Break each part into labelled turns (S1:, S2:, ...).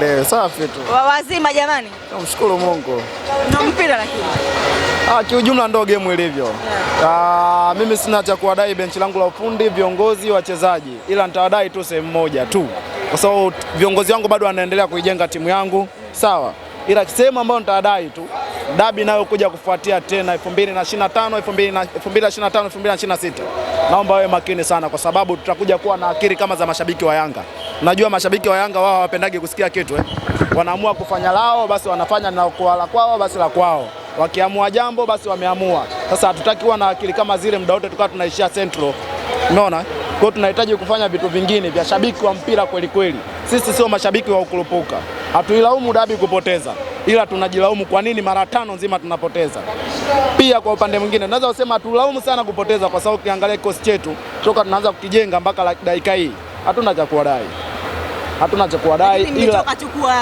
S1: Leo safi tu.
S2: Wazima jamani.
S1: Namshukuru Mungu.
S2: Na mpira lakini.
S1: Ah, kiujumla ndo game ilivyo. Yeah. Ah, mimi sina cha kuwadai benchi langu la ufundi, viongozi, wachezaji, ila nitawadai tu sehemu moja tu, kwa sababu viongozi wangu bado wanaendelea kuijenga timu yangu, sawa, ila sehemu ambayo nitawadai tu dabi kuja kufuatia tena 2025 2025 2026, naomba wawe makini sana, kwa sababu tutakuja kuwa na akili kama za mashabiki wa Yanga. Najua mashabiki wa Yanga wao hawapendagi kusikia kitu eh. Wanaamua kufanya lao basi wanafanya na kwa la kwao basi la kwao, wakiamua jambo basi wameamua. Sasa hatutaki kuwa na akili kama zile muda wote tukawa tunaishia Central, unaona. Eh? Kwa tunahitaji kufanya vitu vingine vya shabiki wa mpira kweli kweli. Sisi sio mashabiki wa ukurupuka, hatuilaumu dabi kupoteza, ila tunajilaumu kwa nini mara tano nzima tunapoteza. Pia kwa upande mwingine naweza kusema tulaumu sana kupoteza, kwa sababu ukiangalia kikosi chetu toka tunaanza kukijenga mpaka dakika hii hatuna cha kuwadai hatuna cha kuwadai ila,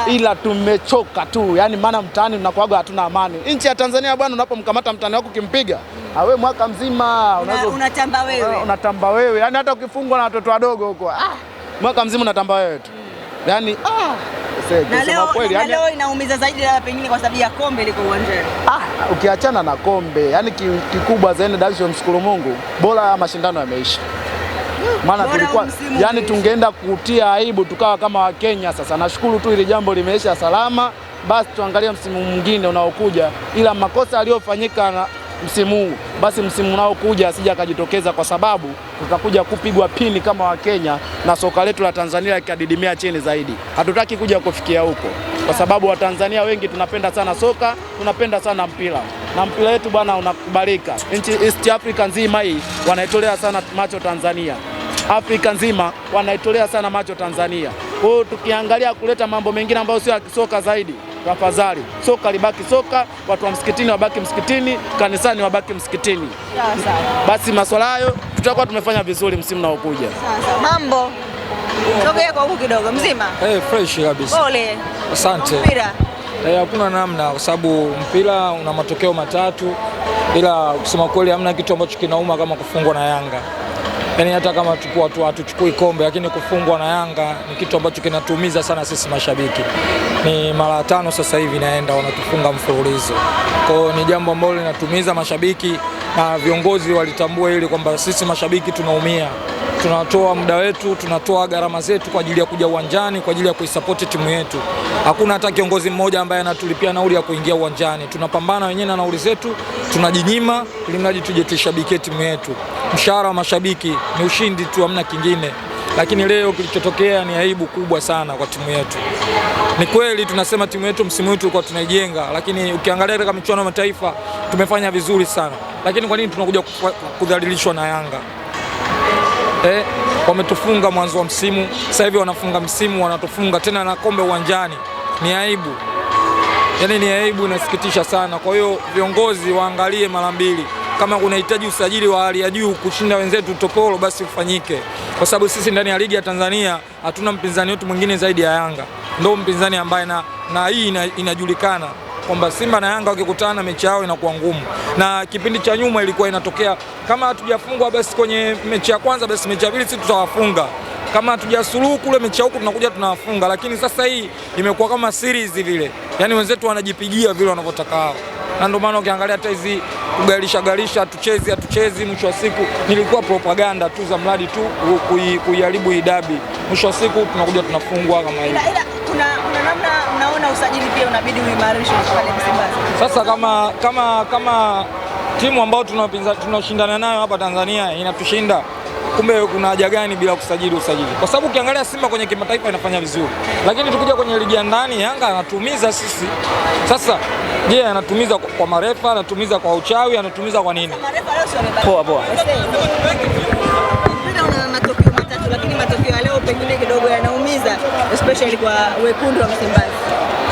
S1: ila tumechoka tu yani, maana mtaani mnakuaga hatuna amani. Nchi ya Tanzania bwana, unapomkamata mtaani wako ukimpiga hmm. awe mwaka mzima
S2: una, unatamba wewe, ah,
S1: unatamba wewe yani, hata ukifungwa na watoto wadogo huko ah, mwaka mzima unatamba wewe tu hmm. yani ah.
S2: Na leo, kweli, na yaani- leo inaumiza zaidi la pengine kwa sababu ya kombe liko uwanjani.
S1: Ah, ukiachana na kombe yani kikubwa zaidi, Daisho mshukuru Mungu, bora mashindano yameisha maana tulikuwa yani, tungeenda kutia aibu tukawa kama Wakenya. Sasa nashukuru tu ili jambo limeisha salama, basi tuangalie msimu mwingine unaokuja, ila makosa na msimu huu basi msimu unaokuja asija akajitokeza, kwa sababu tutakuja kupigwa pini kama Wakenya na soka letu la Tanzania likadidimia chini zaidi. Hatutaki kuja kufikia huko, kwa sababu Watanzania wengi tunapenda sana soka, tunapenda sana mpira na mpira wetu bwana unakubalika. Nchi East Africa nzima hii wanaitolea sana macho Tanzania. Afrika nzima wanaitolea sana macho Tanzania. Kwa hiyo tukiangalia kuleta mambo mengine ambayo sio ya kisoka zaidi, tafadhali soka libaki soka, watu wa msikitini wabaki msikitini, kanisani wabaki msikitini. Basi maswala hayo tutakuwa tumefanya vizuri msimu unaokuja.
S2: Mambo sogea kwa huku kidogo, mzima
S1: hey, eh, fresh kabisa. Pole, asante. Mpira eh, hakuna hey, namna kwa sababu mpira una matokeo matatu, ila kusema kweli hamna kitu ambacho kinauma kama kufungwa na Yanga yani hata kama hatuchukui kombe, lakini kufungwa na Yanga ni kitu ambacho kinatuumiza sana sisi mashabiki. Ni mara tano sasa hivi naenda wanatufunga mfululizo, kwa hiyo ni jambo ambalo linatuumiza mashabiki, na viongozi walitambua hili kwamba sisi mashabiki tunaumia, tunatoa muda wetu, tunatoa gharama zetu kwa ajili ya kuja uwanjani kwa ajili ya kuisapoti timu yetu. Hakuna hata kiongozi mmoja ambaye anatulipia nauli ya kuingia uwanjani. Tunapambana wenyewe na nauli zetu, tunajinyima ili mradi tuje tuishabikie timu yetu mshahara wa mashabiki ni ushindi tu, hamna kingine. Lakini leo kilichotokea ni aibu kubwa sana kwa timu yetu. Ni kweli tunasema timu yetu msimu wetu tulikuwa tunaijenga, lakini ukiangalia katika michuano ya mataifa tumefanya vizuri sana, lakini kwa nini tunakuja kudhalilishwa na Yanga? Eh, wametufunga mwanzo wa msimu, sasa hivi wanafunga msimu, wanatufunga tena na kombe uwanjani. Ni aibu, yaani ni aibu, inasikitisha sana. Kwa hiyo viongozi waangalie mara mbili kama kunahitaji usajili wa hali ya juu kushinda wenzetu Topolo, basi ufanyike, kwa sababu sisi ndani ya ligi ya Tanzania hatuna mpinzani wetu mwingine zaidi ya Yanga, ndio mpinzani ambaye na, na hii ina, inajulikana kwamba Simba na Yanga wakikutana mechi yao inakuwa ngumu, na kipindi cha nyuma ilikuwa inatokea kama hatujafungwa basi kwenye mechi ya kwanza, basi mechi ya pili sisi tutawafunga kama hatujasuluhu kule mechi ya huku tunakuja tunawafunga, lakini sasa hii imekuwa kama series vile, yaani wenzetu wanajipigia vile wanavyotaka wao na ndio maana ukiangalia hata hizi kugalisha galisha, hatuchezi hatuchezi, mwisho wa siku nilikuwa propaganda tu za mradi tu kuiharibu hii dabi, mwisho wa siku tunakuja tunafungwa kama hivi.
S2: Mnaona usajili pia unabidi uimarishwe pale Msimbazi.
S1: Sasa kama, kama, kama timu ambayo tunaoshindana nayo hapa Tanzania inatushinda kumbe kuna haja gani bila kusajili usajili, kwa sababu ukiangalia Simba kwenye kimataifa inafanya vizuri, lakini tukija kwenye ligi ya ndani Yanga anatumiza sisi. Sasa je, yeah, anatumiza kwa marefa, anatumiza kwa uchawi, anatumiza kwa nini? Poa poa.
S2: especially kwa wekundu wa Msimbazi.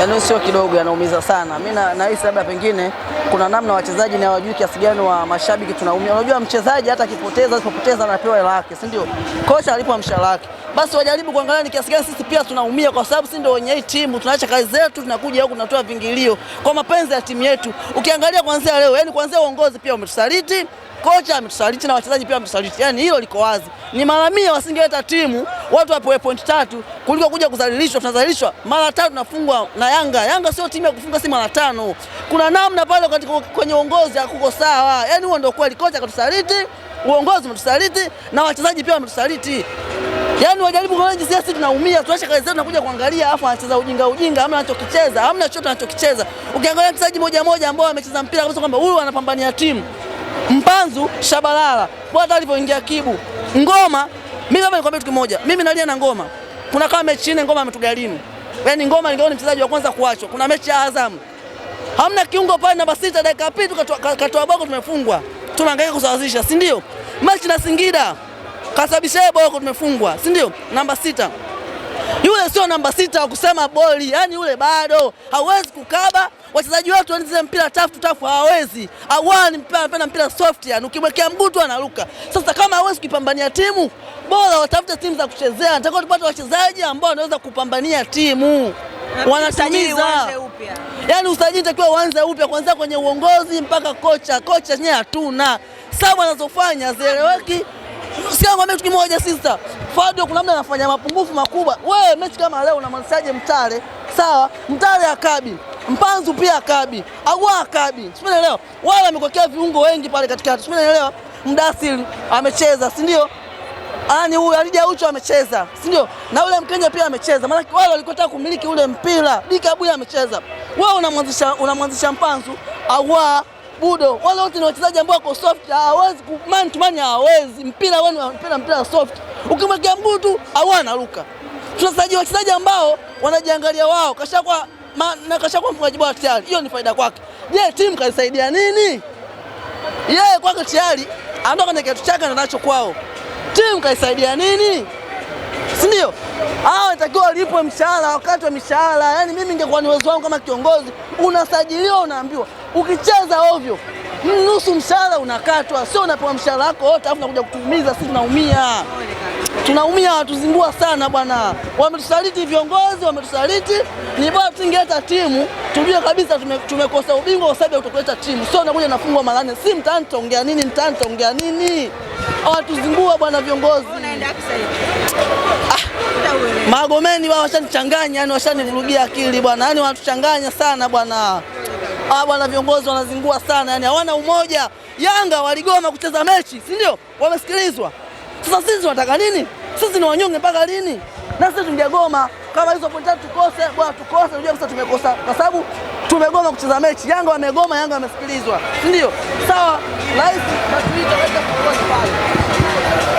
S1: Yaani sio kidogo, yanaumiza sana. Mimi nahisi labda pengine kuna namna wachezaji na wajui kiasi gani wa mashabiki tunaumia. Unajua mchezaji hata akipoteza asipopoteza anapewa hela yake, si ndio? Kocha alipo mshahara wake, basi wajaribu kuangalia ni kiasi gani sisi pia tunaumia, kwa sababu si ndio wenye hii timu, tunaacha kazi zetu tunakuja huku tunatoa vingilio kwa mapenzi ya timu yetu. Ukiangalia kuanzia leo, yani kuanzia uongozi pia umetusaliti kocha ametusaliti na wachezaji pia ametusaliti. yaani hilo liko wazi. Ni mara mia wasingeleta timu watu wapewe pointi tatu kuliko kuja kuzalilishwa. Tunazalilishwa mara tatu, nafungwa na Yanga. Yanga sio timu ya kufunga si mara tano. Kuna namna pale katika kwenye uongozi hakuko sawa, yaani huo ndio kweli. Kocha akatusaliti, uongozi umetusaliti na wachezaji pia wametusaliti. Yaani wajaribu kuona jinsi sisi tunaumia, tuache kazi zetu nakuja kuangalia afu anacheza ujinga ujinga, hamna anachokicheza, hamna chochote anachokicheza. Ukiangalia mchezaji moja moja ambao amecheza mpira kabisa kwamba huyu anapambania timu. Mpanzu Shabalala, bwana alivyoingia Kibu ngoma. Mimi labda nikwambie kitu kimoja, mimi nalia na ngoma. Kuna kama mechi nne ngoma ametugharimu, yaani ngoma ningeona ni mchezaji wa kwanza kuachwa. Kuna mechi ya Azam hamna kiungo pale namba sita, dakika ya pili katoa boko, tumefungwa. Tunahangaika kusawazisha, si ndio? Mechi na Singida kasababisha boko, tumefungwa, si ndio? Namba sita yule sio namba sita wa kusema boli, yani yule bado hawezi kukaba. Wachezaji wetu wanacheza mpira tafu tafu, hawawezi awani. Mpira anapenda mpira soft, yani ukimwekea mguu tu anaruka. Sasa kama hawezi kupambania timu, bora watafute timu za kuchezea. Nataka tupate wachezaji ambao wanaweza kupambania timu wanatimiza yaani, usajili takiwa uanze upya kuanzia kwenye uongozi mpaka kocha. Kocha yeye hatuna sababu anazofanya zieleweki. Sikia ngombe kitu kimoja sister. Fado kuna mtu anafanya mapungufu makubwa. Wewe mechi kama leo unamwanzaje Mtare? Sawa, Mtare akabi. Mpanzu pia akabi. Agwa akabi. Simuelewa. Wale amekokea viungo wengi pale katikati. Simuelewa. Mdasil amecheza, si ndio? Ani huyu alija yaani ucho amecheza, si ndio? Na yule Mkenya pia amecheza. Maana wale walikotaka kumiliki ule mpira. Dikabuya amecheza. Wewe unamwanzisha unamwanzisha Mpanzu, Agua Budo, wale wote ni wachezaji ambao wako soft, hawezi man to man, hawezi mpira wao, mpira mpira soft, ukimwekea mguu tu hawana ruka. Tunasajili wachezaji ambao wanajiangalia wao, kasha kwa ma, na kasha kwa mfungaji bora tayari, hiyo ni faida kwake. Je, timu kaisaidia nini? Yeye Yeah, kwake tayari anatoka kwenye kitu chake na nacho kwao, timu kaisaidia nini? Si ndio? Hao watakiwa walipwe mshahara wakati wa mishahara. Yaani mimi ningekuwa ni uwezo wangu kama kiongozi, unasajiliwa unaambiwa Ukicheza ovyo nusu mshahara unakatwa, sio unapewa mshahara wako wote afu nakuja kutuumiza sisi. Tunaumia, tunaumia, watuzingua sana bwana. Wametusaliti viongozi, wametusaliti. Ni bora tusingeleta timu, tujue kabisa tumekosa tume ubingwa kwa sababu utakuleta timu, sio unakuja nafungwa mara nne. Si mtaani tutaongea nini? Mtaani tutaongea nini? Watuzingua bwana viongozi. Ah, Magomeni wao washanichanganya, yani washanivurugia akili bwana, yani wanatuchanganya sana bwana ah, bwana, viongozi wanazingua sana, yani hawana umoja. Yanga waligoma kucheza mechi, si ndio? Wamesikilizwa. Sasa sisi tunataka nini? Sisi ni wanyonge mpaka lini? Na sisi tungegoma kama hizo pointi tatu tukose, bwana, tukose, unajua sasa tumekosa kwa sababu tumegoma kucheza mechi. Yanga wamegoma, Yanga wamesikilizwa, si ndio? Sawa, rais na tuita katika kuongoza pale